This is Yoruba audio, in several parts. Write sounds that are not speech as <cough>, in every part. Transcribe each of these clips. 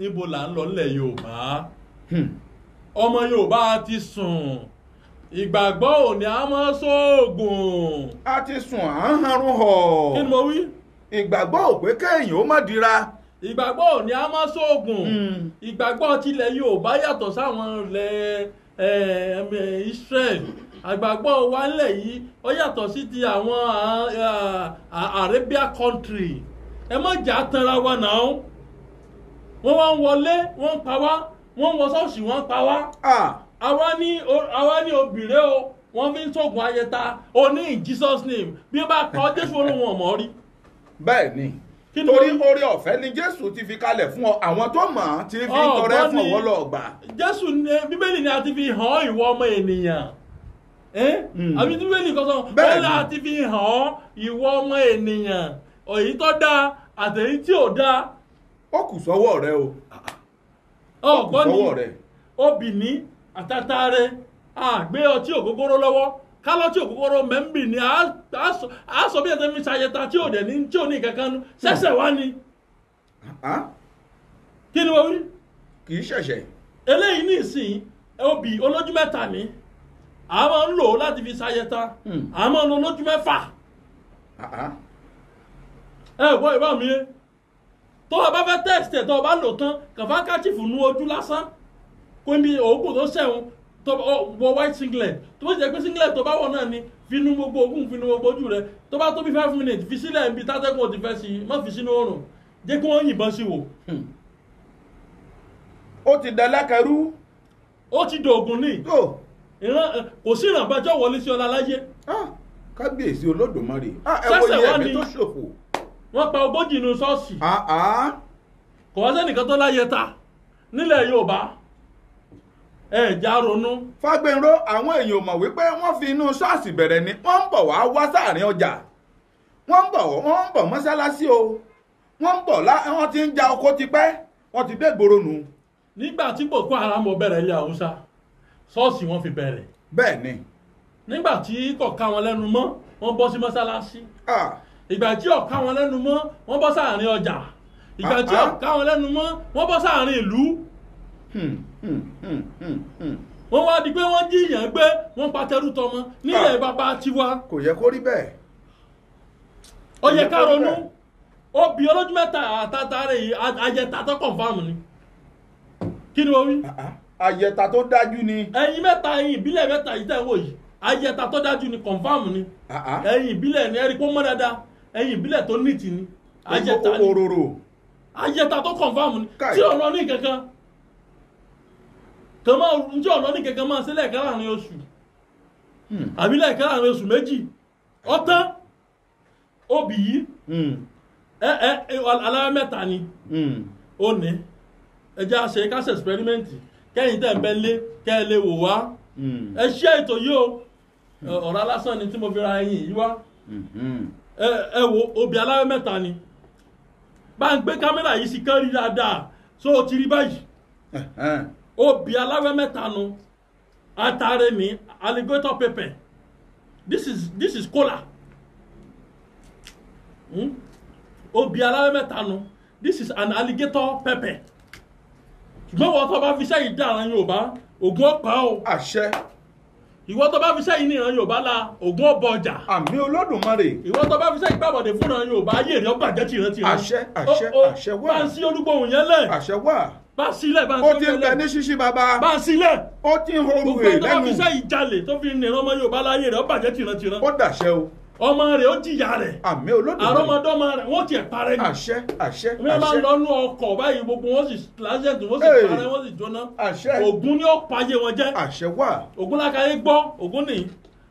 níbo là ń lọ nílẹ̀ yorùbá hmm. ọmọ yorùbá ti sùn ìgbàgbọ́ òní àmọ́ sóògùn. a ti sùn à ń hanrun họ. kí ni mo wí. ìgbàgbọ́ ò pé kéèyàn ó má dira ìgbàgbọ́ òní a máa sóògùn hmm. ìgbàgbọ́ tilẹ̀ Yorùbá yàtọ̀ sáwọn ilẹ̀ Israel àgbàgbọ́ wa ńlẹ̀ yìí ó yàtọ̀ sí ti àwọn Arabia country ẹ má jà tanra wa náà wọ́n wá ń wọlé wọ́n ń pa wá wọ́n ń wọ ṣọ́ọ̀ṣì wọ́n ń pa wá. àwa ní àwa ní obìnrin o wọ́n fi ń sọ̀gùn ayẹta o ní in Jesus name bí ó bá pa ọ́ jésù olóhùn ọ̀mọ́ rí. bẹ́ẹ̀ ni torí oore ọ̀fẹ́ ni jésù ti fi kalẹ̀ fún ọ àwọn tó mọ̀ ọ́n ti fi tọrẹ fún ọwọ́ lọ́ọ̀gbà. jésù bíbélì ni a ti fi hàn ìwọ ọmọ ènìyàn hmm. àbí bíbélì kan sọ wọn là ti fi hàn ìwọ ọmọ ènìyàn èyí tó dáa àtẹ̀yí tí ò dáa ó kù sọ́wọ́ rẹ o ó kù sọ́wọ́ rẹ. obìnrin àtàtàrẹ àgbé ọtí ògógóró lọ́wọ́ kálọ́tì ògógóró mẹ́ńbì ni a sọ bí ẹ̀sẹ̀ mi ṣayẹta tí ò dẹ̀ ní tí ò ní kankan nu ni. kí ni wí. kì í ṣẹ̀ṣẹ̀. eléyìí ní a máa ń lò fi ṣayẹta hmm. a máa ń lo olójú mẹ́fà. ẹ gbọ́ tó o bá fẹ́ test ẹ̀ tó o bá lò tán kàfá káchífù nu ojú lásán kó ibi òògùn tó sẹ̀wọ̀n tó wọ white singlet tó bá jẹ́ pé singlet tó bá wọ̀ náà ni fi nu gbogbo òògùn fi nu gbogbo ojú rẹ tó bá tó bí five minutes fi sílẹ̀ ibi tátẹ́kùn ò ti fẹ́ sí i má fi sínú oòrùn jẹ́ kí wọ́n yìnbọn sí wò. Hmm. ó ti dalẹ́kẹ̀rú. ó ti dògùn ní. kò sí ìrànbájọ́ wọlé sí ọlá láyé. Ah, kábíyèsí olódùmarè ah, ẹ wo iye ẹ̀mí tó ṣòfò wọ́n pa ogójì inú ṣọ́ọ̀ṣì ah, ah. kò wá sẹ́nìkan tó láyé ta nílẹ̀ Yorùbá já ronú. Fágbénró àwọn èèyàn mọ̀ wípé wọ́n fi inú ṣọ́ọ̀ṣì bẹ̀rẹ̀ ni wọ́n ń bọ̀ wá wá sáàrin ọjà wọ́n ń bọ̀ wọ́n ń bọ̀ mọ́sálásí o wọ́n ń bọ̀ wọ́n ti ń ja oko tipẹ́ wọ́n ti dé gbòòrò nù. nígbà tí Boko Haram bẹ̀rẹ̀ ilé Haúsá ṣọ́ọ̀ṣì wọ́n fi bẹ̀rẹ̀. bẹ́ẹ̀ ni. nígbà tí kò wọn lẹ́nu mọ́ wọ́n bọ́ sí mọ́sálásí. ah ìgbà tí ọ̀ká wọn lẹ́nu mọ́ wọ́n bọ́ sáàrin ọjà ìgbà tí ah, ah. ọ̀ká wọn lẹ́nu mọ́ wọ́n bọ́ sáàrin ìlú hmm, hmm, hmm, wọ́n wá di pé wọ́n jíyàn gbé wọ́n pa tẹrú tọmọ nílẹ̀ ah. bàbá tiwa. kò yẹ kó rí bẹ́ẹ̀. ó yẹ ká ronú obì olójú mẹ́ta àtàtà rẹ̀ àjẹta tó kọ̀ǹfàmù ni kí ni o wí. àjẹta tó dájú ni. ẹ̀yin mẹ́ta ẹ̀yin ìbílẹ̀ mẹ́ta yìí tẹ̀ wò yìí àjẹta tó dájú ni kọ̀ǹfàmù ni ẹ̀yin ìbílẹ̀ ni ẹ̀rí kó mọ́ dáadáa ẹyin ìbílẹ̀ tó ní tì ní ajẹta ní ajẹta tó confam tí ọ̀nà ní kankan kàn máa njẹ́ ní kankan máa ṣe lẹ́ẹ̀kan oṣù hmm. àbí lẹ́ẹ̀kan oṣù méjì ọ̀tán obì yìí hmm. ẹ ẹ ni ó hmm. ní ẹ jẹ́ àṣẹ káṣẹ̀ experiment kẹ́yìn tẹ̀ ń bẹ́ lé wò wá ẹ ètò yìí o ọ̀rọ̀ ni tí mo fi ra ẹyin ẹ wo obì aláwẹ̀ mẹ́ta ni bá ń gbé kámẹ́rà yìí sí kán rí dáadáa so o ti rí báyìí obì aláwẹ̀ mẹ́ta nu atare mi alligator pepper this is this is kola hmm? obì aláwẹ̀ mẹ́ta nu this is an alligator pepper ṣùgbọ́n wọ́n tó bá fi sẹ́yìn dá àwọn Yorùbá ògùn ọ̀pá o. àṣẹ ìwọ tó bá fi sẹ́yìn ní ìran yorùbá la ògùn ọ̀bọ ọjà. àmì olódùmarè. ìwọ tó bá fi sẹ́yìn gbàbọ̀dẹ̀ fún ìran yorùbá ayé rẹ̀ ọgbàjẹ́ tìran tìran. àṣẹ àṣẹ àṣẹ wà. bá ń sí olúgbòhùn yẹn lẹ̀. àṣẹ wà. bá a sílẹ̀ bá a sílẹ̀. ó ti ń bẹ ní ṣíṣí baba. bá a sílẹ̀. ó ti ń horú rẹ̀ lẹ́nu. gbogbo tó bá tó fi nìran ọmọ yorùbá láyé rẹ̀ ọgbàjẹ́ tìran tìran. ó dàṣẹ o ọmọ rẹ ó jìyà rẹ àmì olódùmarè àrọmọdọ́mọ rẹ wọn tiẹ̀ parẹ́ ni àṣẹ àṣẹ àṣẹ wọn máa ń lọnú ọkọ̀ báyìí gbogbo wọn sì lásẹ̀tì wọn sì parẹ́ wọn sì jóná àṣẹ Ògún ni ó payé wọn jẹ́ àṣẹ wà Ògún lákàáyé gbọ́ Ògún nìyí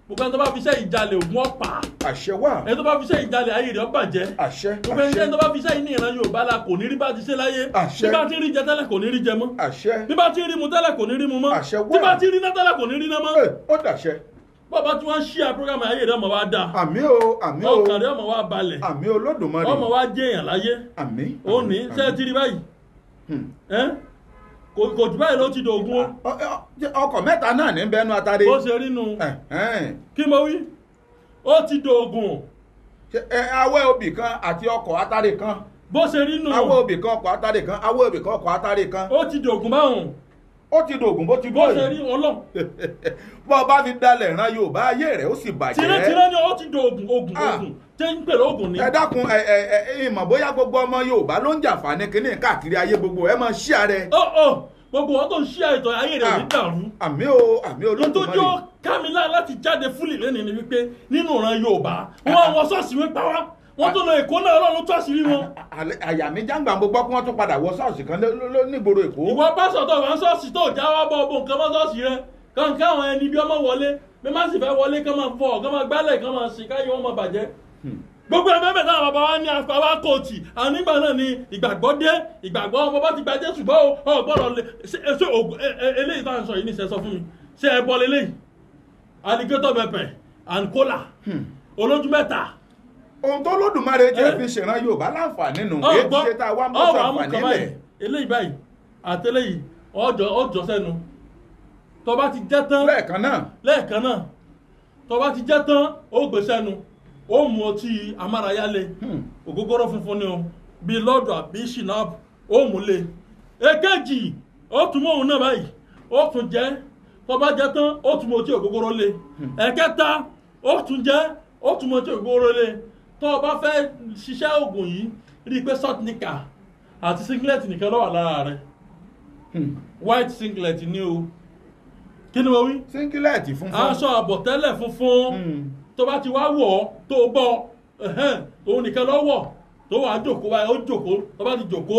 gbogbo ẹni tó bá fi iṣẹ́ ìjalè Ògún ọ̀pá àṣẹ wà ẹni tó bá fi iṣẹ́ ìjalè ayé rẹ̀ ọ̀bàjẹ́ àṣẹ gbogbo ẹni tó bá fi iṣẹ́ yìí ìran Yorùbá la kò ní rí bá ti ṣe láyé àṣẹ bí ti rí jẹ tẹ́lẹ̀ kò ní rí jẹ mọ́ àṣẹ bí ti rí mu tẹ́lẹ̀ kò ní rí mu mọ́ àṣẹ wà bí ti rí ná tẹ́lẹ̀ kò ní rí ná mọ́. ó dàṣẹ bàbá tí wọ́n ń ṣí àpérógrámù ayé rẹ̀ ọmọ wa dà. àmì o àmì o ọkàn rẹ̀ ọmọ wa balẹ̀. àmì olódùmarè ọmọ wa jẹ́yàn láyé. àmì àmì òní ṣe é tiri báyìí. Hmm. kò kò jù báyìí ló ti dògún o. Ah, ah, ah, ọkọ̀ mẹ́ta náà ní bẹ́ẹ̀ nu atare. ó ṣe rí nu eh, eh. kí mo wí ó ti dògún. Eh, awẹ́ obì kan àti ọkọ̀ atare kan. bó ṣe rí nu. awẹ́ obì kan ọkọ̀ atare kan awẹ́ obì kan ọkọ̀ atare kan. ó ti dògún báwọn. ó ti dògùn bó ti dóyè. bó ṣe rí ọlọ. <laughs> bó o bá fi dalẹ̀ ran yorùbá ayé rẹ̀ ó sì ni ó ti ah. tẹ́ ń pèrè ni. ẹ dákun ẹ gbogbo ọmọ yorùbá ló ń jàǹfààní kínní káàkiri gbogbo ẹ ṣí ààrẹ. ọ ọ gbogbo wọn tó ń ayé rẹ ní ah. dàrú. àmì o àmì o lóògùn mọ́lẹ̀. kámilá láti jáde fúlì ni wípé nínú ìran yorùbá wọn wọ wọ́n tó lọ èkó náà ọlọ́run tó àṣírí wọn. àyà mi jàǹgbà mo gbọ́ pé wọ́n tún padà wọ ṣọ́ọ̀ṣì kan nígboro èkó. ìwọ pásọ̀ tó wà ń ṣọ́ọ̀ṣì tó já wá bọ́ ọbọ̀ nǹkan mọ́ ṣọ́ọ̀ṣì rẹ kàǹkà àwọn ẹni bí ọmọ wọlé bí má sì fẹ́ wọlé kán máa fọ kán máa gbálẹ̀ kán máa ṣe káyé wọn máa bàjẹ́. Hmm. gbogbo ẹ̀ mẹ́fẹ̀ẹ́ táwọn bàbá wa ní afáwá kóòtì àwọn nígbà náà ni ìgbàgbọ́ dé ìgbàgbọ́ ọmọ bá ti gba jésù o ọ gbọ́dọ̀ lè ṣe e, eléyìí tá à ń sọ yìí ní ìṣẹ́ sọ fún mi ṣe ẹ bọ́ lélẹ́yìí alligator pepper and cola hmm. olójú mẹ́ta ohun tó lódùmarè jẹ́ eh? fi ṣèràn yorùbá láǹfààní nù èyí ṣe tá a wá mọ́ sàǹfààní lẹ̀. eléyìí báyìí ti jẹ́ tán lẹ́ẹ̀kan náà náà ti jẹ́ tán ó gbé sẹ́nu ó mu ọtí amárayálé hmm. ògógóró funfun ni o bíi lọ́dọ̀ àbí ṣìnàbù ó mú lé èkejì ó báyìí ó tún tán ó tó o bá fẹ́ ṣiṣẹ́ oògùn yìí rí i pé short nika àti singlet nìkan ló lára rẹ̀ hmm. white singlet ni o kí ni mo wí. singlet funfun aṣọ àbọ̀tẹ́lẹ̀ funfun hmm. tó bá ti wá wọ̀ ọ́ tó bọ́ òun nìkan ló wọ̀ tó wà á jòkó báyìí ó jòkó tó bá ti jòkó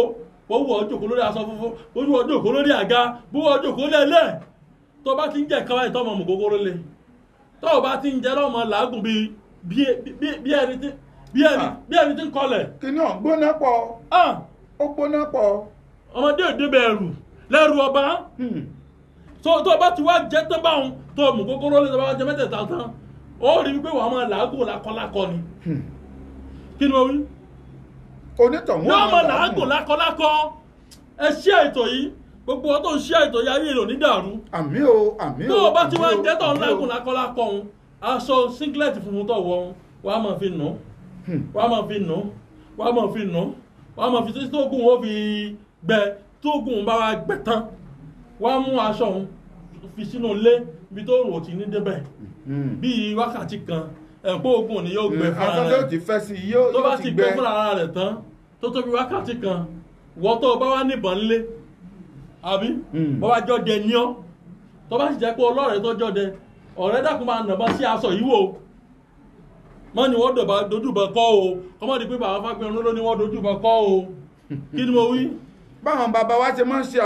wọ́n wọ̀ ọ́ jòkó lórí aṣọ funfun ó wọ̀ ọ́ jòkó lórí àga bó wọ̀ ọ́ jòkó lẹ́lẹ́ tó bá ti ń jẹ́ káwáyé tó ọmọ mọ̀ kókóró le tó o bá ti ń jẹ́ lọ́mọ làágùn bíi bí ẹni bí ẹni bí ẹni tí ń kọlẹ̀. kìnìún ọ̀hún gbóná pọ̀. ó gbóná pọ̀. ọmọdé òde bẹ̀rù lẹ́rù ọba. Hmm. tó tó bá ti wá jẹ́ tán báwọn tó mú kókóró lé tó bá jẹ mẹ́tẹ̀ẹ̀ta tán o rí wípé wàá máa làágùn lákọ́lákọ́ ni. Hmm. kí ni mo wí. onítọ̀hún ọmọ làágùn lákọ́lákọ́ ẹ ṣí ètò yìí gbogbo ọtọ ń ṣí ètò yìí ayé ìròní dàrú. àmì o àmì o tó o bá ti wá jẹ́ tán lágùn lákọ́lákọ́ òun aṣọ singlet funfun tó wọ̀ òun wàá máa fi nù. No Hmm. wọ́n á máa fi nù wọ́n á máa fi nù wọ́n á máa fi títí tóògùn ó fi gbẹ tóògùn bá wa gbẹ tán wọ́n á mú aṣọ òun fi sínú ilé ibi tó rò tí ní débẹ̀ hmm. bíi wákàtí kan ẹ̀pọ̀ ogun ni yóò hmm. gbẹ fúnra rẹ̀ aṣọ tó ti fẹ́ sí yóò ti gbẹ tó bá ti gbẹ fúnra rẹ̀ tán tó tóbi wákàtí kan wọ́tọ̀ bá wá níbọn ńlé àbí bọ́ bá jọ́ dẹ ní tó bá sì jẹ́ pé ọlọ́rẹ̀ẹ́ tó jọ́ dẹ ọ̀rẹ́ máa nàbọ́ sí aṣọ yìí wò ó. má ní wọ́n dojúbọ kọ́ o kọ́mọ́ di pé bàbá Fágbémilọ́lá ló ní wọ́n dojúbọ kọ́ o kí ni mo wí. bàbá wa ti máa ń ṣe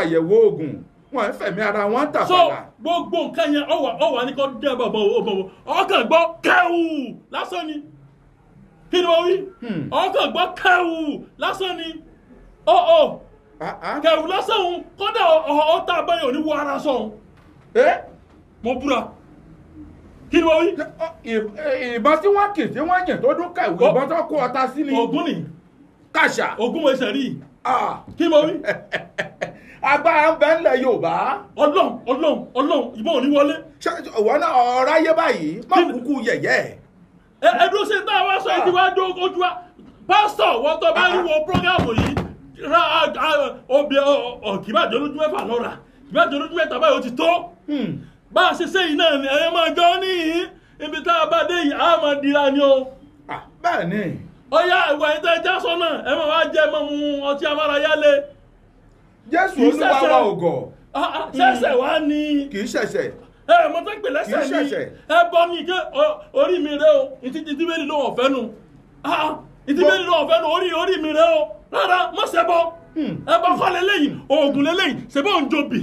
wọn ara wọn so gbogbo nǹkan yẹn ọwà ọwà kò dé ọkàn gbọ́ kẹ́wù lásán ni kí ni mo wí hmm. ọkàn gbọ́ kẹ́wù lásán ni lásán òun kọ́dà ọ̀ọ́ tá a bá yẹn ò ní wọ mo kí ni mo wí. ìbọn tí wọ́n kì tí wọ́n yìn tó dún kàwé ìbọn tó kó ọta sí ni. ogun ni kàṣà. ogun mo ṣe rí. kí ni mo wí. <laughs> agbára ń bẹ ńlẹ̀ yorùbá. ọlọ́run ọlọ́run ọlọ́run ìbọn ò ní wọlé. ìwọ náà ọ̀rọ̀ ayé báyìí má kúkú yẹ̀yẹ́. ẹ ẹ dúró sí táwọn aṣọ yìí ti wá dó ojú wa pásítọ̀ wọ́n tó bá ń wo prógámù yìí ra obì ọ̀kìbàjọ́ lójú mẹ́fà lọ́ra ìbàjọ́ lójú mẹ́ta báyìí bá a ṣe ṣe yìí náà ni ẹ̀yẹ́ máa jọ níyìn ibi tá a bá dé yìí a máa dira ni o. bẹ́ẹ̀ ni. ọ̀ya ìwà yìí tẹ́ ẹ já sọ́nà ẹ máa wá jẹ́ ẹ máa mu ọtí amárayálé. jésù olúwa wa ògọ̀. ṣẹ̀ṣẹ̀ wá ni. kì í ṣẹ̀ṣẹ̀ ẹ mọ tẹ pé lẹsẹ mi ẹ bọ mi ké orí mi rẹ o ìtìbẹ́lì ló wọ̀ fẹ́ nu ìtìbẹ́lì ló wọ̀ fẹ́ nu orí orí mi rẹ o rárá mọ̀ sẹ́bọ̀ hmm. ẹ bọ́ kọ́ lélẹ́yìn oògùn lélẹ́yìn sẹ́bọ̀ ń jobi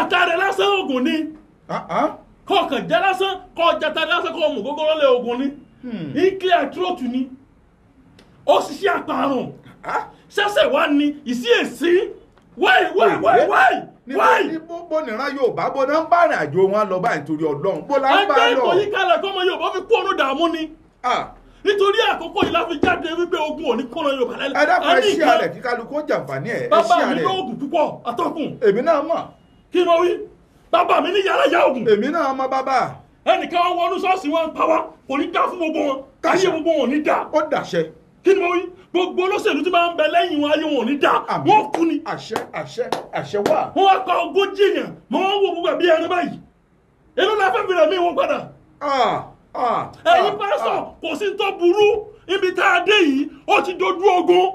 àtàrẹ lásán oògùn ni ah, ah. kọkàn jẹ lásán kọjá tàrẹ lásán kọ mú gógóró lé oògùn ni ìkílẹ̀ hmm. àtúrótù ni ó ṣiṣẹ́ àparùn ah. ṣẹ̀ṣẹ̀ wá ní ni èsì wáì wáì wáì wáì wáì. ní gbogbo nìran yorùbá bó náà ń bá rìn àjò wọn lọ báyìí nítorí ọlọ́run bó la ń bá lọ. ẹgbẹ́ ìkòyí kalẹ̀ kọ́mọ yorùbá fi kó orun dààmú ni. nítorí àkókò yìí la fi jáde wípé ogun òní kọ́nà yorùbá lẹ́lẹ̀. ẹ dákun ẹ ṣí àlẹ̀ kí kálukú jàǹfààní ẹ ẹ ṣí àlẹ̀. bàbá mi lóògùn púpọ̀ atọ́kùn. èmi náà mọ̀ kí ni mo wí bàbá mi ní yàrá ìyá ògùn. èmi náà mọ bàbá. ẹnìkan wọn wọnú ṣọ́ọ̀ṣì wọn pa wá kò ní dá fún gbogbo wọn káyé gbogbo wọn ò ní dá. ó dàṣẹ. kí ni mo wí gbogbo olóṣèlú tí máa ń bẹ lẹ́yìn wọn ayé wọn ò ní dá wọn kú ni. àṣẹ àṣẹ àṣẹ wà. wọn wá pa ogójì èèyàn mọ wọn wò gbogbo ẹbí ẹni báyìí èló la fẹ́ fi rẹ̀ mí wọn padà. ẹ̀yin pásọ̀ kò sí tó burú ibi tá a dé yìí ó ti dojú ogun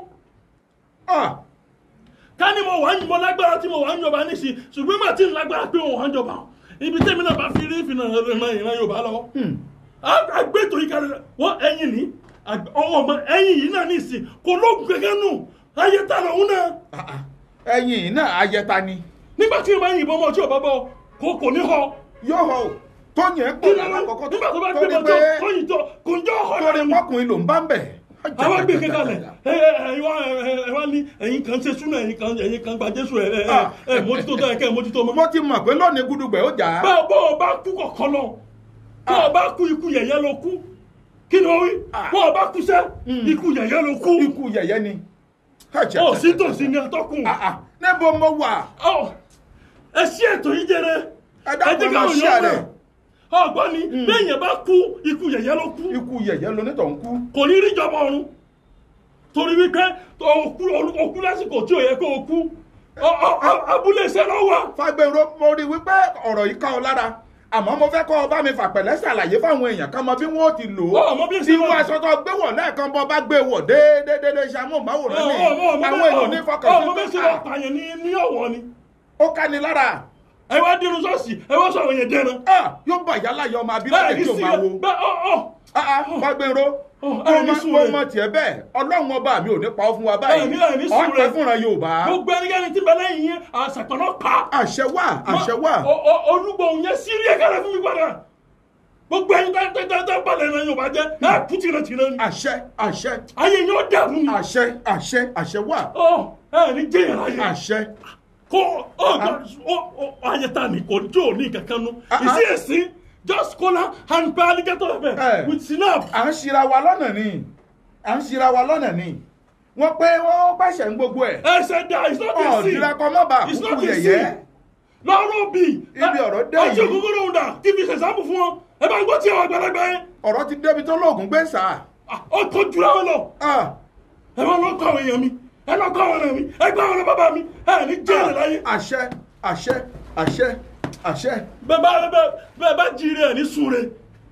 ká ní mo wà ń jọba lágbára tí mo wà ń jọba níṣì ṣùgbọ́n mà tí ń lágbára pé òun wà ń jọba ibi tẹ́mi náà bá fi rí ìfìnà ìran ìran Yorùbá lọ. àgbẹ̀tò hmm. yìí kárí wọ́n ẹyin ní ọwọ́ ọmọ ẹyin yìí náà níṣì kò lóògùn gẹ́gẹ́ nù ayẹta lòun náà. Ah, ah. ẹyin yìí náà ayẹta ni. nígbà tí ìbá yìnbọn ọmọ tí ò bá bọ kò kò ní họ. yóò họ o tó yẹn pọ̀ lákòókò tó ní pé torí pọ́kùnrin ló ń bá ń bẹ̀ àwọn gbé kékalẹ̀ ẹwà ní ẹ̀yin kan ṣe súnà ẹ̀yin kan ẹ̀yin kan gba jésù ẹ̀ ẹ̀ ah. mójútó tó ẹ̀ kẹ́ mójútó mọ́. wọ́n ti mọ̀ pé lónìí gudugbẹ̀ ó jà á. bá bó o bá kú kọ̀kọ́ lọ bó o ah. bá kú ikú yẹ̀yẹ́ ló kú kí ni ó wí ah. bó o bá kú sẹ́ hmm. ikú yẹ̀yẹ́ ló ni. ọ̀ sí tòsí ni atọ́kùn. níbo mo wà. Oh, ẹ ṣí ètò yìí jẹrẹ ẹ jẹ́ káwọn yọ̀ ọ́ ọgbọ́n ni hmm. béèyàn bá kú ikú yẹ̀yẹ́ ló kú ikú yẹ̀yẹ́ ló nítọ̀ ń kú kò ní rí jọba ọ̀run torí wípé òkú lásìkò tí ò yẹ kó o kú abúlé iṣẹ́ ló wà. fagbèrò mo rí wípé ọ̀rọ̀ yìí ká ọ lára àmọ́ mo fẹ́ kọ́ ọ bá mi fàpẹ̀lẹ́ ṣàlàyé fáwọn èèyàn kan mọ bí wọ́n ti lò ó tí wọ́n aṣọ tó gbé wọ̀ lẹ́ẹ̀kan bọ́ bá gbé wọ̀ déédéédé ṣàmúhùnmáwòrán ni àwọn èèyàn ní fọkàn sí tó kà. ọmọ bẹ́ẹ̀ ṣe lọ pààyàn ní ọ̀wọ́ ni. ó ká ni lára ẹ wá dínú ṣọ́ọ̀ṣì ẹ wá sọ àwọn yẹn jẹ́ran. yóò bá ìyá láyé ọmọ abílẹ̀ tí o máa wo. fagbẹ́nró kó mọ tiẹ̀ bẹ́ẹ̀ ọlọ́run ọba mi ò ní pa ọ́ fún wa báyìí ọ̀pẹ fúnra Yorùbá. gbogbo ẹnikẹ́ni tí bẹ́lẹ̀ yìí àṣàpọ̀nà pa. àṣẹ wà àṣẹ wà. olúgbòhùn yẹn sírí ẹ̀ kára fún mi padà gbogbo ẹni tó tẹ tẹ tẹ balẹ̀ náà yorùbá jẹ náà kú tìrẹ tìrẹ ni. àṣẹ àṣẹ. ayé yóò dàrú ni. àṣẹ àṣẹ àṣẹ wà. ọ ẹ ní jẹyàn láyé. àṣẹ kó ayẹta mi kò jó ní kankan nu ìsí ah, èsì ah. just kola and pay alligator pepper eh. with sinap. à ń ṣira wa lọ́nà ni à ń ṣira wa lọ́nà ni wọ́n pé wọ́n pàṣẹ ń gbogbo ẹ̀. ẹ ṣe dá it's not easy. ọ̀dìrà kan mọ́ bá àkókò yẹ̀yẹ́. lọ́rọ̀ bí. ibi ọ̀rọ̀ dé yìí. ọtí ògúngún lòun dà kí fi ṣèṣàmù fún ọ ẹ bá ń gbọ́ tí ẹ wà gbẹlẹgbẹ. ọ̀rọ̀ ti débi tó lóògùn gbé sà. Ah, ó tó jura wọn lọ. ẹ bá lọ kọ àwọn èèyàn mi ẹ lọ gbọ́ àwọn ọ̀nà mi ẹ gbọ́ àwọn ọ̀nà bàbá mi ẹ ní jẹ́rìí láyé. Ah, àṣẹ àṣẹ àṣẹ àṣẹ. bàbá bàbá jíire ẹ ní súre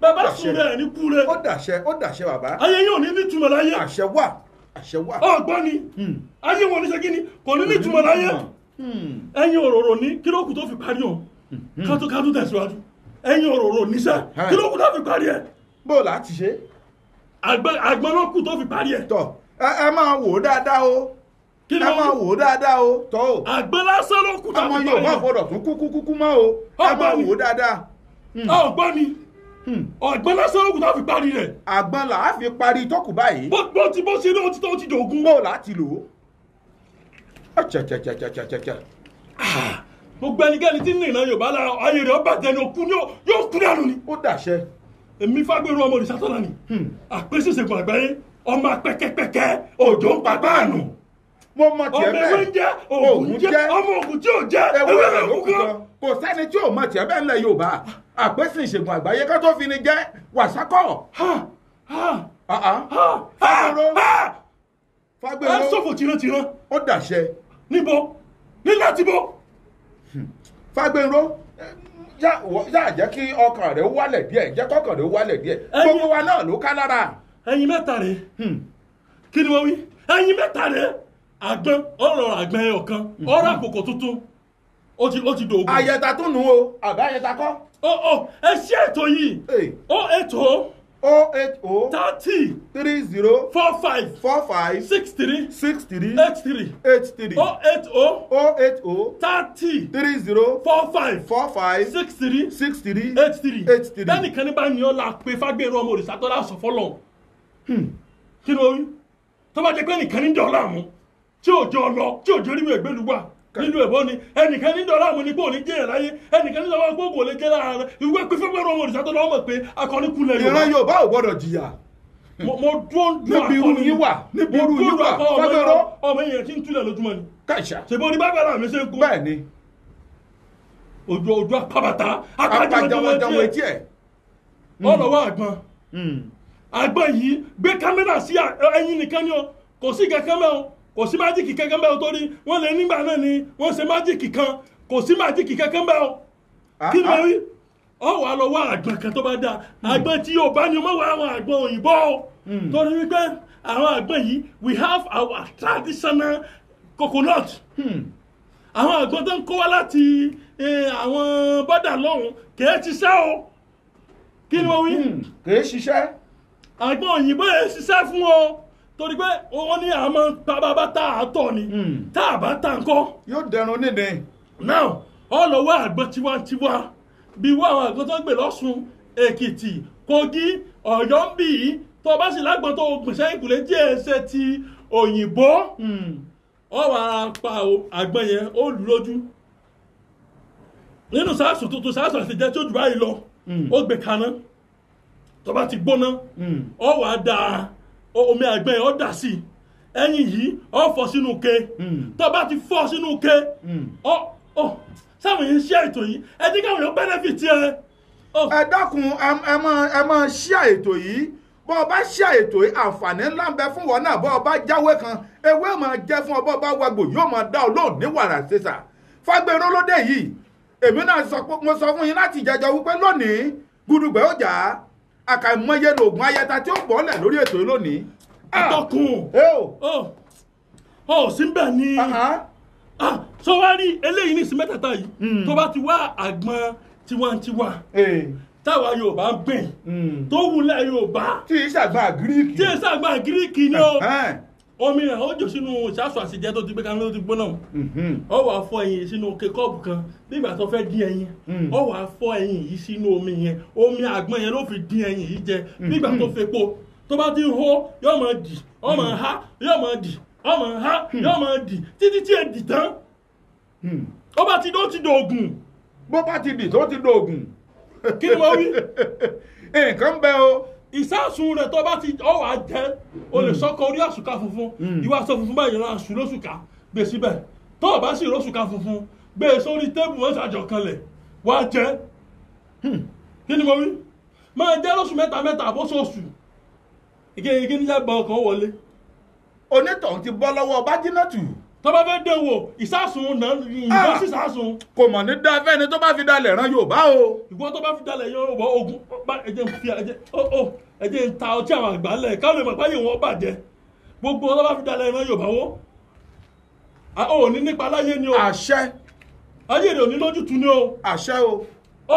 bàbá súre ẹ ní kúre. ó dàṣẹ ó dàṣẹ bàbá. ayé yóò ní nítumọ̀ láyé. àṣẹ wà àṣẹ wà. ọgbọ́n ni hmm. ayé wọn ní ṣe ni kò ní nítumọ̀ láyé hmm. ẹ̀yin òróró ní kí ló kù tó fi parí o hmm. kátókátó tẹ̀síwájú ẹ̀yin òróró níṣẹ́ kí ló kù tó fi parí ẹ̀. bó o láti ṣe. àgbọn ló kù tó fi parí ẹ̀. tọ ẹ máa wò ó dáadáa o kí ló ń wò ó dáadáa o tọ́ o àgbẹ̀ lásán ló kú tàbí báyìí ọmọ Yorùbá gbọdọ̀ tún kú kú kú mọ́ o ká máa wò ó dáadáa. ọgbọ́n hmm. ni ọgbọ́n hmm. lásán ló kú tá a fi parí rẹ̀. àgbọn là á fi parí tọ́kù báyìí. bó ti bó ṣe ní o ti tó o ti dògún. bó o là á ti lò ó. Ah, gbogbo ẹnikẹ́ni tí ń rìnnà Yorùbá la ayé rẹ̀ ọba jẹ́ni òkú yóò kú dànù ni. ó dàṣẹ. èmi fagbẹ́rù ọmọ òrìṣà tọ́lá ni hmm. àpèsè ìṣègùn àgbáyé ọmọ pẹ́kẹ́pẹ́kẹ́ òjò ń pa báànù mo mọ tiẹ̀ bẹ́ẹ̀ ọmọ ewé ń jẹ́ òògùn jẹ́ ọmọ òògùn tí ò jẹ́ ewé rẹ̀ òkùnkùn kò sẹ́ni tí ò mọ tiẹ̀ bẹ́ẹ̀ ńlẹ̀ Yorùbá àpèsè ìṣègùn àgbáyé ká tó fi ni jẹ́ wàsákọ̀ fagbèrò fagbèrò ẹ sọ̀fọ̀ tìrantìran ó dàṣẹ níbo nígbà tí bo hmm. fagbèrò yà jẹ́ kí ọkàn rẹ̀ wálẹ̀ díẹ̀ jẹ́ kọ́kàn rẹ̀ wálẹ̀ díẹ̀ gbogbo wa náà ló ká lára. ẹ̀yin mẹ́ta rèé hmm. kí ni wọ́n wí ẹ̀yin mẹ́ta rèé àgbọn ọ̀rọ̀ àgbọn ẹyọ kan mhm. ọ̀rọ̀ àkókò tuntun ó ti ó ti dògùn. àyẹ̀tà tún nù o àbá àyẹ̀tà kọ́. ó ó ẹ ṣí ètò yìí ó ètò. O eight thirty three zero four five four five six three six three eight three eight three O eight O O thirty three zero four five four five six three six three eight three eight three. Bẹ́ẹ̀ni kan ní bá ní ọ́ la pé Fágbèrè ọmọ òrìṣà tó láṣọ fọlọ́. Hmm. Kí ló rí? Tó bá jẹ́ pé nìkan ní dọ̀ọ́ láàmú tí òjò lọ tí òjò rí mi ègbélu wà nínú ẹ̀bọ ni ẹnìkan ní dọ́là àmọ́ ni pé òní jẹ́yàn láyé ẹnìkan ní dọ́là àmọ́ kò lè jẹ́ lára rẹ̀ ìwé pé fẹ́ fẹ́ràn ọmọ òrìṣàtọ́ lọ́wọ́ mọ̀ pé akọni kulẹ̀ Yorùbá. ìran Yorùbá ò gbọdọ̀ jìyà. mo dún dún akọni níbi irú yín wà níbi irú yín wà fẹ́fẹ́rọ́. ọmọ èèyàn ti ń túlẹ̀ lójúmọ́ ni. kàṣà ṣèbí orí bá bẹ̀rẹ̀ àmì ṣe ń kú. bẹ́ẹ̀ni. ojú ojú apábàtà akájàmọjàmọ etí ẹ. ọlọ́wọ́ àgbọn hmm. àgbọn yìí gbé kámẹ́rà sí ẹyin nìkan ni o kò sí kankan mẹ́ o kò sí májíkì kankan bẹ́ẹ̀ torí wọ́n lè nígbà náà ni wọ́n ṣe májíkì kan kò sí májíkì kankan bẹ́ẹ̀ o ah, kí ni wọ́n ah. rí ọ àgbọn kan tó bá dáa hmm. àgbọn tí yóò bá ní o mọ̀ àwọn àgbọn òyìnbó o hmm. torí wípé àwọn àgbọn yìí we have our traditional coconut hmm. àwọn àgbọn tó ń kó wá láti eh, àwọn bọ́dà lọ́hùn kìí ṣiṣẹ́ o kí ni wọ́n wí. kìí ṣiṣẹ́. àgbọn òyìnbó yẹn ṣiṣẹ́ fún o torí pé ó ní àmọ́ bàbá tá a tọ̀ ni hmm. tá a bá tà ń kọ́. yóò dẹrun nídìí. now ọlọ́wọ́ àgbọn tiwantiwa bí wọ́n àwọn àgbọn tó ń gbè lọ́sùn èkìtì kogi ọ̀yọ́ ń bì í tó bá sì lágbọn tó gbèsè ìkùlé díẹ̀ ṣe ti òyìnbó hmm. ọwọ́ ara pa àgbọn yẹn ó lù lójú nínú sàásù tuntun sàásù àti jẹ́ tí ó jù báyìí lọ hmm. ó gbé kaná tó bá ti gbóná ọwọ́ á dáa omi àgbẹ̀ yẹn ó dà sí i ẹyin yìí ọ fọ sínú ke hmm. tó bá ti fọ sínú ke ọ ọ sáwọn yìí ń ṣe ètò yìí ẹ jẹ́ káwọn yóò benefit ẹ. ẹ dákun ẹ máa ṣíà ètò yìí bọ́ ọ bá ṣíà ètò yìí àǹfààní ńlá ń bẹ fún wọn náà bọ́ ọ bá jáwé kan ewé máa jẹ́ fún ọ bọ́ ọ bá wagbò yóò máa dá ọ lóhùn ní wàrà ṣèṣà fágbèrò lóde yìí èmi náà mo sọ fún yín láti jẹjọ wípé lónìí gudugbẹ ó jà á àkàìmọye rògùn ayẹta tí ó bọ́ọ̀lẹ̀ lórí ètò lónìí. àtọkùn ah! ó ó sí bẹ́ẹ̀ ni sọ ah, wá rí eléyìí ní ìsinmi tata yìí hmm. tó bá ti wá àgbọn tiwantiwa táwa yorùbá ń gbìn hmm. tó wulẹ̀ yorùbá tí ì ṣàgbà gíríkì tí ì ṣàgbà gíríkì ni ó omi rẹ̀ ó jò sínú ìṣàṣọ àṣejẹ tó ti gbé kaná tó ti gbóná mhm. ó wàá fọ ẹyin sínú kékọ́ọ̀bù kan nígbà tó fẹ́ dín ẹyin mhm. ó wàá fọ ẹyin yìí sínú omi yẹn omi àgbọn yẹn ló fi dín ẹyin yìí jẹ nígbà tó mhm. fepo tó bá ti ń hó yóò máa dì ó máa há yóò máa dì ó máa há hmm. yóò máa dì títí tí ẹ dì tán hmm. ó bá ti dó ti dògùn. bó bá ti dì tó ti dògùn. kí ni mo wí. <laughs> nǹkan bẹ́ẹ̀ o ìsásùn rẹ̀ tó bá ti ọ̀ wá jẹ́ o lè hmm. sọ́kọ orí àsùká funfun hmm. ìwà sọ funfun báyìí ra àṣù lóṣùká gbé síbẹ̀ tó o bá sì róṣùká funfun gbé e sórí tébù wọn ṣàjọ kanlẹ̀ wá jẹ́ hmm. kí ni mo wí máa jẹ́ lóṣù mẹ́ta mẹ́ta àbóṣoṣù ìkéyìí kí ni yàgbọ́n kan wọlé. onítọ̀hún ti bọ́ lọ́wọ́ bájínátù tó bá fẹ́ dán wò ìsásùn náà ìbọn ah! sí ìsásùn. kò mọ̀ ní dá fẹ́ni tó bá fi dalẹ̀ ran yorùbá o. ìgbọ́n tó bá fi dalẹ̀ yorùbá ogun ẹ̀jẹ̀ ń fi ẹ̀jẹ̀ ó ẹ̀jẹ̀ ń ta ọtí àwọn àgbà lẹ̀ káwọn èèmọ̀ báyìí wọn bàjẹ́ gbogbo tó bá fi dalẹ̀ ran yorùbá wo. ò ní nípa láyé ni o. àṣẹ. ayé rẹ̀ ò ní lójútu ni o. àṣẹ o.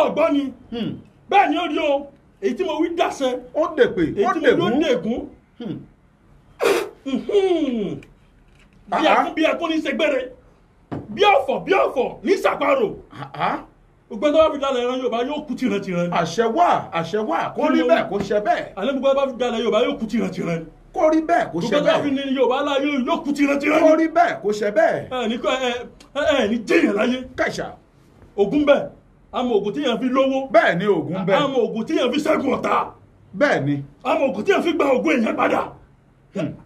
ọgbọ́n ni hmm. bẹ́ẹ̀ ni ó rí o èyí tí mo wí dàṣẹ. ó dèpè ó dègún bí ẹkún bí ẹkún ní ṣègbére bí ọ̀fọ̀ bí ọ̀fọ̀ ní ṣàparò gbogbo ẹni tó bá fi dalẹ̀ ẹran yorùbá yóò kú tìrantìran ni. àṣẹ wà àṣẹ wà kó rí bẹ́ẹ̀ kó ṣe bẹ́ẹ̀. àlẹ́ gbogbo ẹni tó bá fi dalẹ̀ yorùbá yóò kú tìrantìran ni kó rí bẹ́ẹ̀ kó ṣe bẹ́ẹ̀. gbogbo ẹ̀fín ni yorùbá láyé yóò kú tirantiran. kó rí bẹ́ẹ̀ kó ṣe bẹ́ẹ̀. ẹ ní kọ́ ẹ ẹ ní jẹ́yàn láyé. kàṣà. ògùn bẹ́ẹ̀ àmọ́ ògùn tíyàn fi lówó. bẹ́ẹ̀ ni ògùn bẹ́ẹ̀. àmọ́ ògùn tíyàn fi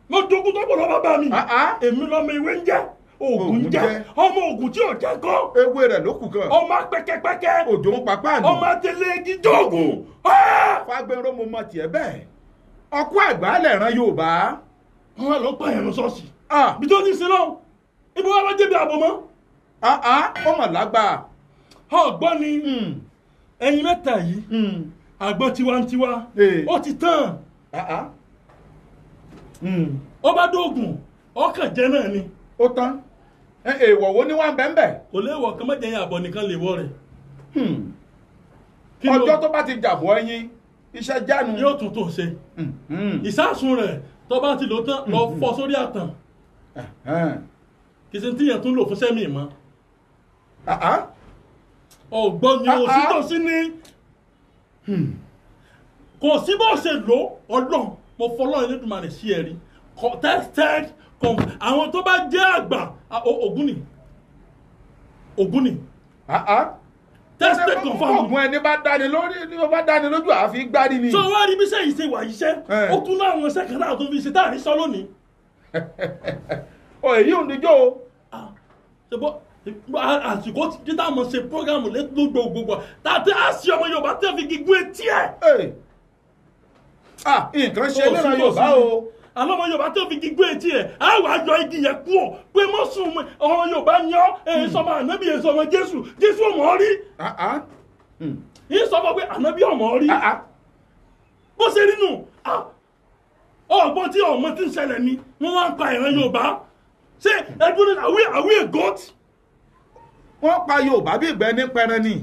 mo dogun tó bọ̀ lọ́ba bá mi ah, ah. èmi lọ́mọ ìwé ń jẹ́ oògùn jẹ ọmọ oògùn tí ò jẹ kọ. ewé rẹ ló kù gan. ọmọ pẹkẹpẹkẹ. òjò ń papá ni. ọmọ tẹlẹ gíjóògùn. Ah! fagbẹ́rọ́ mo mọ tiẹ̀ bẹ́ẹ̀ ọkọ àgbà lẹ̀ ran yorùbá. wọn lọ pa ẹ̀rọ ṣọ́ọ̀ṣì. bí tó ní í sin lọ ibi wọn bá débi àbọ̀ mọ́. ó mà lágbà. ọgbọ́n ni hmm. ẹ̀yin mẹ́ta yìí hmm. àgbọn tiwantiwa eh. ó ti tán. Hmm. ó bá dóògùn ọkàn jẹ náà ni. ó tán èèwọ̀ wo ni wà ń bẹ́ẹ̀ bẹ́ẹ̀. kò léèwọ̀ kan mọ̀jẹ̀ yẹn àbọ̀ nìkan lè wọ rẹ̀. Hmm. ọjọ́ tó bá ti jàbọ̀ ẹyin iṣẹ́ jánu. yóò tún tó ṣe hmm, ìsásun rẹ̀ tó bá ti lò tán lọ fọ sórí àtàn kì í ṣe tíyẹn tún lò fún sẹ́mi mọ́. ọ̀gbọ́n ni òsítọ́sí ni kò sí bó ṣe lò ọlọ́run mo fọlọ́run Elédùmarè sí ẹ̀rí tested àwọn tó bá jẹ́ àgbà Ògún ni Ògún ni tested confam. oògùn ẹni bá dání lórí ni ó bá dání lójú àfi gbárí ni. sọ wá rí bí sẹ́yìn ṣe wà yìí ṣẹ́ ó tún láwọn iṣẹ́ kan láwọn tó fi ṣe tá à ní sọ lónìí. ọ <laughs> èyí ò ní jó o. Ah, ṣùgbọ́n àsìkò títà mọ̀ ṣe prógámù lẹ́gbọ̀gbọ̀gbọ̀ tàbí àṣì ọmọ Yorùbá tẹ́ fi gígùn etí ẹ̀ nǹkan ṣe nílà yorùbá o àlọ́mọ yorùbá tó fi gbígbó etí ẹ̀ á wà á yọ igi yẹn kú ọ pé mọ́ sùn ọmọ yorùbá yan èyí sọmọ ànábì èyí sọmọ jésù jésù ọmọ rí yìí sọ fún pé ànábì ọmọ rí bó ṣe rí nù ọgbọ́n tí ọmọ ti ń ṣẹlẹ̀ ni wọ́n wá ń pa ìran yorùbá ṣé ẹdún náà àwí àwí ègọ́t. wọ́n pa yorùbá bí ìgbẹ́ ní pẹran ni.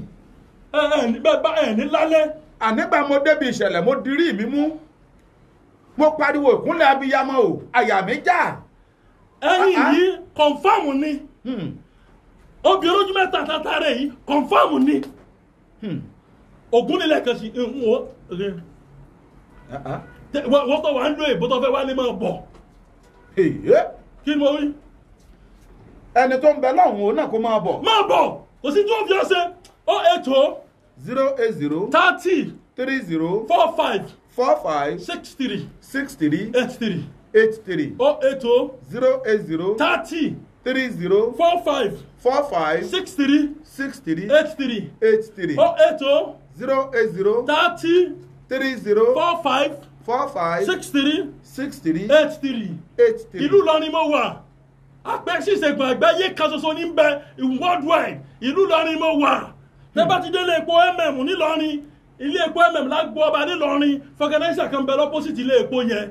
ẹ ẹ ní bẹ́ẹ̀ bá ẹ ní lálẹ́. ànígbà mo débi ìṣẹ̀lẹ̀ mo dirí mi mú. mo pariwo ìkúnlẹ̀ abiyamọ o àyà mi já. Ah, ah. ni hmm. obìnrin ojú mẹ́ta tata rẹ̀ yìí ni hmm. ògún nílẹ̀ kan sí n ah, wọ́n tọ́ wà ń lo èbó tó fẹ́ wálé máa bọ̀ eh. kí ni mo wí. ẹni tó ń bẹ lọ́hùn-ún náà kó máa bọ̀. zero eight zero. thirty. three zero. four five. four five six three six three eight three eight three oh eight oh zero eight zero thirty three zero four five four five six three six three eight three eight three oh eight oh zero eight zero thirty three zero four five four five six three six three eight three eight three. ìlú Ìlọrin mo wà apẹ́síṣègùn àgbáyé kan ṣoṣo ní bẹ worldwide ìlú Ìlọrin mo wà tẹ́bátidé lè po mm nílọrin ilé epo mm lágbo ọba nílọrin fọkànáìsà kan bẹ lọ́pọ́sìtì ilé epo yẹn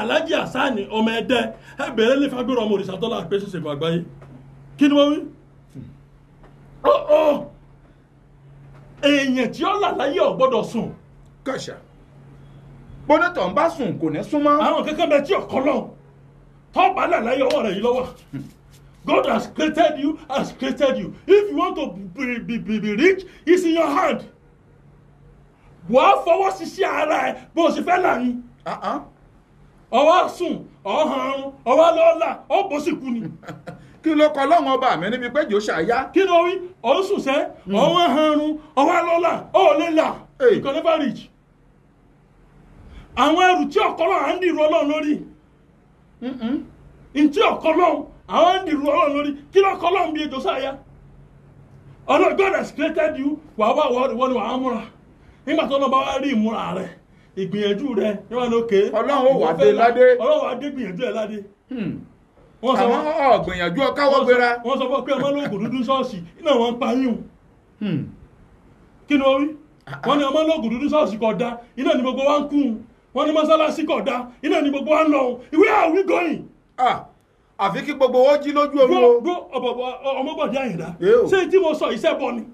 alhaji hasan ọmọ ẹdẹ ẹ bèrè lè fagbèrè ọmọ òrìṣà tọ́lá àpèsè ṣègùn àgbáyé kí ni wọ́n wí èèyàn tí ó là láyé ò gbọ́dọ̀ sùn. kàṣà bọ́nẹ́tọ̀ ń bá sùn kò ní súnmọ́. àwọn kankan bẹ tí ọkọ lọ tọ́ọ̀bà là láyé ọwọ́ rẹ̀ yìí lọ́wọ́. God has created you has created you if you want to be be be, be rich it's in your hand. wà á fọwọ́ ara e, bó o ṣe fẹ́ là ní. Uh-huh. ọwọ́ sùn ọ̀hún ọ̀run ọwọ́ lọ́la ni. <laughs> kí ló kọ lọ́wọ́n ọba mi níbi pé jòṣà yá. kí ló wí ọ̀hún sùn sẹ́ hmm. ọwọ́ ọ̀hún ọwọ́ lọ́la ó lè là ìkọ́ leverage. àwọn ẹrù tí ọ̀kọ́lọ́ à ń dìrú ọlọ́run lórí ntí ọ̀kọ́lọ́ ń dìrú ọlọ́run lórí kí bi jòṣà yá. ọlọ́gbọ́dọ̀ created you wàá wà wọ́ọ̀rì wọ́ọ̀rì wàá múra. nígbà tó náà rí ìmúra rẹ̀ ìgbìyànjú rẹ yóò wá lókè. ọlọ́run ò wá dé ládé. ọlọ́run wá dé gbìyànjú ẹ̀ ládé. Hmm. wọ́n sọ wọ́n gbéra. wọ́n sọ fún ọ pé ọmọ lóògùn dúdú ṣọ́ọ̀ṣì iná wọn ń pa yín o. Hmm. kí ni o rí ah, ah. wọ́n ní ọmọ lóògùn dúdú ṣọ́ọ̀ṣì kọ̀ da iná ni gbogbo wa ń wọ́n ní mọ́sálásí kọ̀ da iná ni gbogbo wa ń lọ ìwé àwí gọ́yìn ah, àfi kí gbogbo wọn jí lójú o. àyìnlá ṣé tí mo sọ